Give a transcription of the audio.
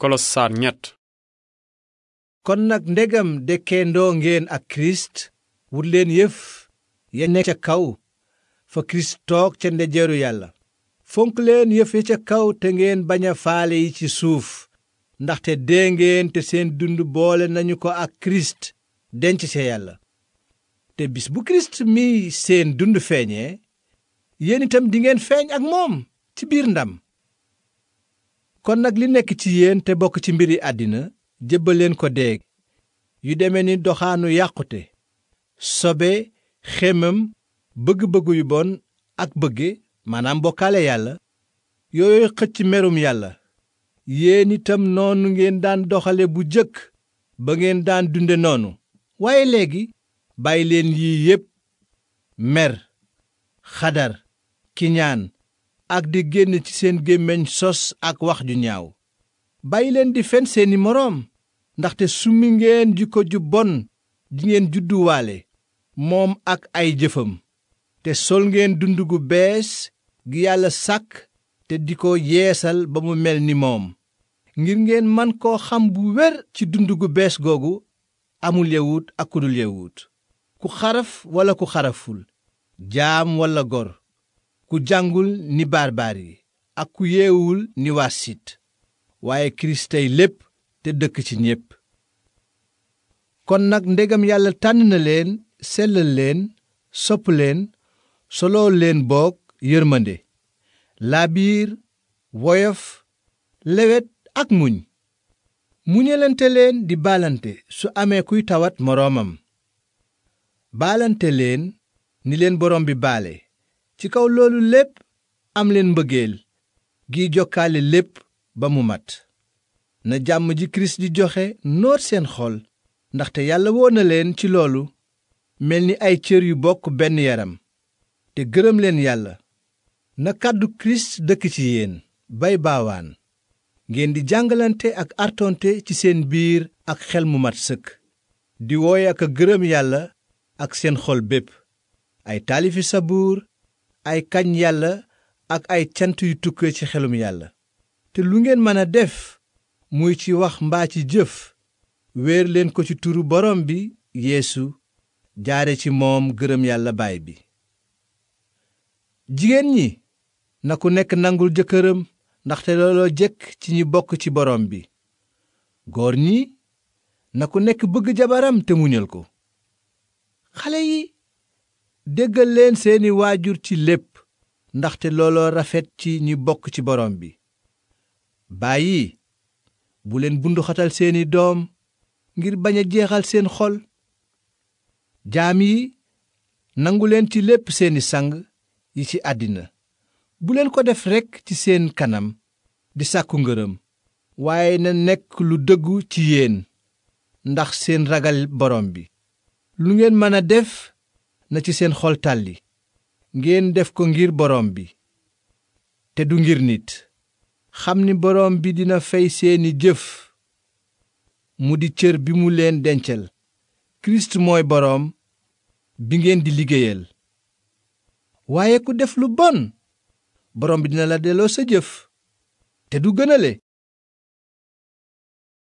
Kolossaar ñett kon nag ndegam dekkeendoo ngeen ak kirist wut leen yëf ya nekk ca kaw fa kirist toog ca ndejeeru yàlla fonk leen yëf ya ca kaw te ngeen baña a faale yi ci suuf ndaxte dee ngeen te seen dund boole nañu ko ak kirist denc ca yàlla te bis bu kirist mi seen dund feeñee yéen itam dingeen feeñ ak moom ci biir ndam kon nag li nekk ci yéen te bokk ci mbiri àddina jëbbaleen ko dee yu deme ni doxaanu yàqute sobe xemam bëgg-bëggu yu bon ak bëgge maanaam bokkaale yàlla yooyu xëcc merum yàlla yéen itam noonu ngeen daan doxale bu jëkk ba ngeen daan dunde noonu waaye léegi bàyyi leen yii yépp mer xadar kiñaan ak di génn ci seen gémmiñ sos ak wax ju ñaaw bàyyi leen di fen seeni moroom ndaxte summi ngeen jikko ju bon di ngeen judduwaale moom ak ay jëfam te sol ngeen dund gu bees gi yàlla sàkk te di ko yeesal ba mu mel ni moom ngir ngeen man koo xam bu wér ci dund gu bees googu amul yawut ak kudul yawut ku xaraf walla ku xaraful jaam walla gor ku jàngul ni yi ak ku yeewul waaye kiristey lépp te dëkk ci ñépp kon nag ndegam yàlla tànn na leen sellal leen sopp soloo leen boog yërmande laabiir woyof lewet ak muñ muñalante leen di baalante su amee kuy tawat moroomam baalante leen ni leen borom bi baale ci kaw loolu lépp am leen mbëggeel gi jokkaale lépp ba mu mat na jàmm ji kirist di joxe noot seen xol ndaxte yàlla woo na leen ci loolu mel ni ay cër yu bokk benn yaram te gërëmleen yàlla na kàddu kirist dëkk ci yéen bay baawaan ngeen di jàngalante ak artonte ci seen biir ak xel mu mat sëkk di wooye ak a gërëm yàlla ak seen xol bépp ay taalifi sabuur ay kañ yàlla ak ay cant yu tukke ci xelum yàlla te lu ngeen mëna def muy ci wax mbaa ci jëf wéer leen ko ci turu borom bi yeesu jaare ci moom gërëm yàlla baay bi jigéen ñi na ku nekk nangul jëkkëram ndaxte looloo jëkk ci ñi bokk ci borom bi góor ñi na ku nekk bëgg jabaram te muñal ko déggal leen seeni waajur ci lépp ndaxte looloo rafet ci ñi bokk ci borom bi baay yi bu leen bunduxatal seeni doom ngir bañ a jeexal seen xol jaam yi nangu leen ci lépp seeni sang yi ci àddina bu leen ko def rekk ci seen kanam di sàkku ngërëm waaye na nekk lu dëggu ci yéen ndax seen ragal borom bi lu ngeen mën a def na ci seen xol tàlli ngeen def ko ngir borom bi te du ngir nit xam ni borom bi dina fay seeni jëf mu di cër bi mu leen dencal kirist mooy boroom bi ngeen di liggéeyal waaye ku def lu bon borom bi dina la delloo sa jëf te du gënale